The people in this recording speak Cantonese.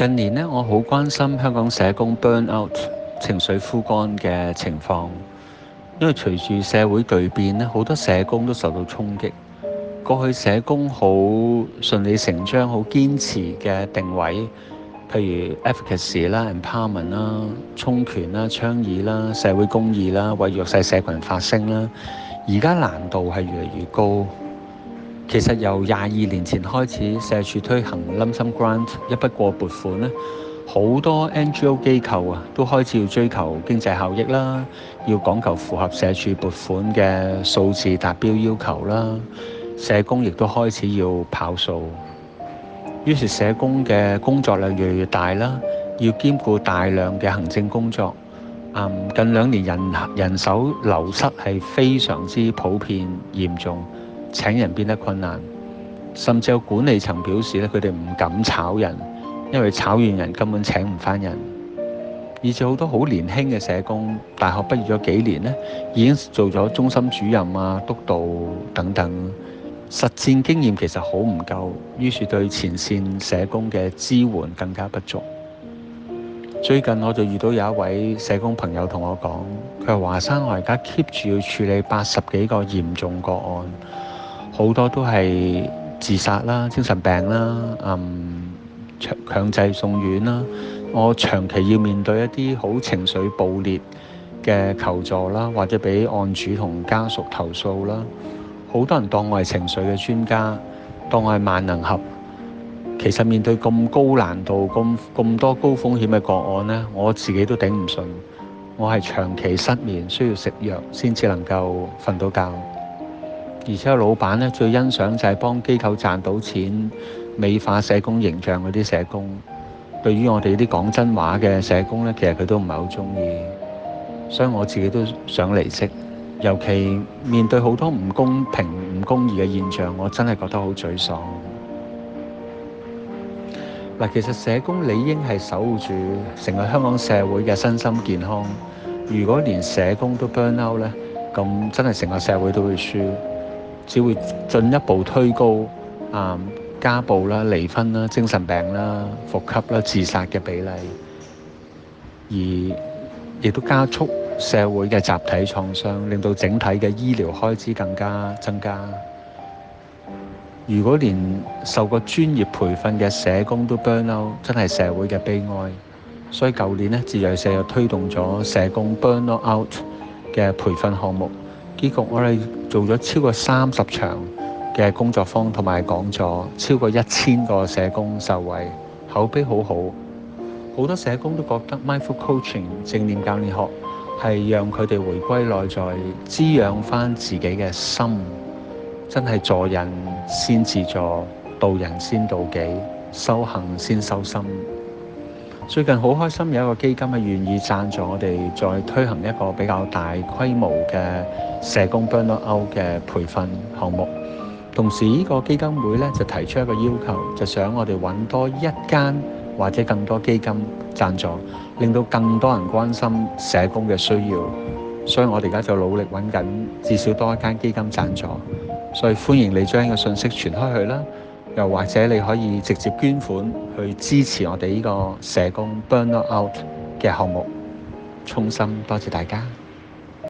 近年咧，我好關心香港社工 burn out 情緒枯乾嘅情況，因為隨住社會巨變咧，好多社工都受到衝擊。過去社工好順理成章、好堅持嘅定位，譬如 efficacy 啦、empowerment 啦、充權啦、倡議啦、社會公義啦、為弱勢社群發聲啦，而家難度係越嚟越高。其實由廿二年前開始，社署推行 lump sum grant 一筆過撥款咧，好多 NGO 機構啊都開始要追求經濟效益啦，要講求符合社署撥款嘅數字達標要求啦，社工亦都開始要跑數，於是社工嘅工作量越嚟越大啦，要兼顧大量嘅行政工作。嗯，近兩年人人手流失係非常之普遍嚴重。請人變得困難，甚至有管理層表示咧，佢哋唔敢炒人，因為炒完人根本請唔翻人。以至好多好年輕嘅社工，大學畢業咗幾年咧，已經做咗中心主任啊、督導等等，實戰經驗其實好唔夠，於是對前線社工嘅支援更加不足。最近我就遇到有一位社工朋友同我講，佢話華山，我而家 keep 住要處理八十幾個嚴重個案。好多都係自殺啦、精神病啦、嗯，強，強制送院啦。我長期要面對一啲好情緒暴烈嘅求助啦，或者俾案主同家屬投訴啦。好多人當我係情緒嘅專家，當我係萬能俠。其實面對咁高難度、咁咁多高風險嘅個案呢，我自己都頂唔順。我係長期失眠，需要食藥先至能夠瞓到覺。而且老闆咧最欣賞就係幫機構賺到錢，美化社工形象嗰啲社工。對於我哋啲講真話嘅社工咧，其實，佢都唔係好中意。所以我自己都想離職，尤其面對好多唔公平、唔公義嘅現象，我真係覺得好沮喪。嗱，其實社工理應係守護住成個香港社會嘅身心健康。如果連社工都 burn out 咧，咁真係成個社會都會輸。只會進一步推高啊家暴啦、離婚啦、精神病啦、復吸啦、自殺嘅比例，而亦都加速社會嘅集體創傷，令到整體嘅醫療開支更加增加。如果連受過專業培訓嘅社工都 burn out，真係社會嘅悲哀。所以舊年咧，自在社又推動咗社工 burn out 嘅培訓項目，結局我哋，做咗超過三十場嘅工作坊同埋講座，超過一千個社工受惠，口碑好好。好多社工都覺得 Mindful Coaching 正念教練學係讓佢哋回歸內在，滋養翻自己嘅心。真係助人先自助，渡人先渡己，修行先修心。最近好開心，有一個基金係願意贊助我哋，再推行一個比較大規模嘅社工 burnout 嘅培訓項目。同時，呢個基金會咧就提出一個要求，就想我哋揾多一間或者更多基金贊助，令到更多人關心社工嘅需要。所以我哋而家就努力揾緊，至少多一間基金贊助。所以歡迎你將呢個信息傳開去啦！又或者你可以直接捐款去支持我哋呢個社工 Burnout、er、嘅項目，衷心多謝大家。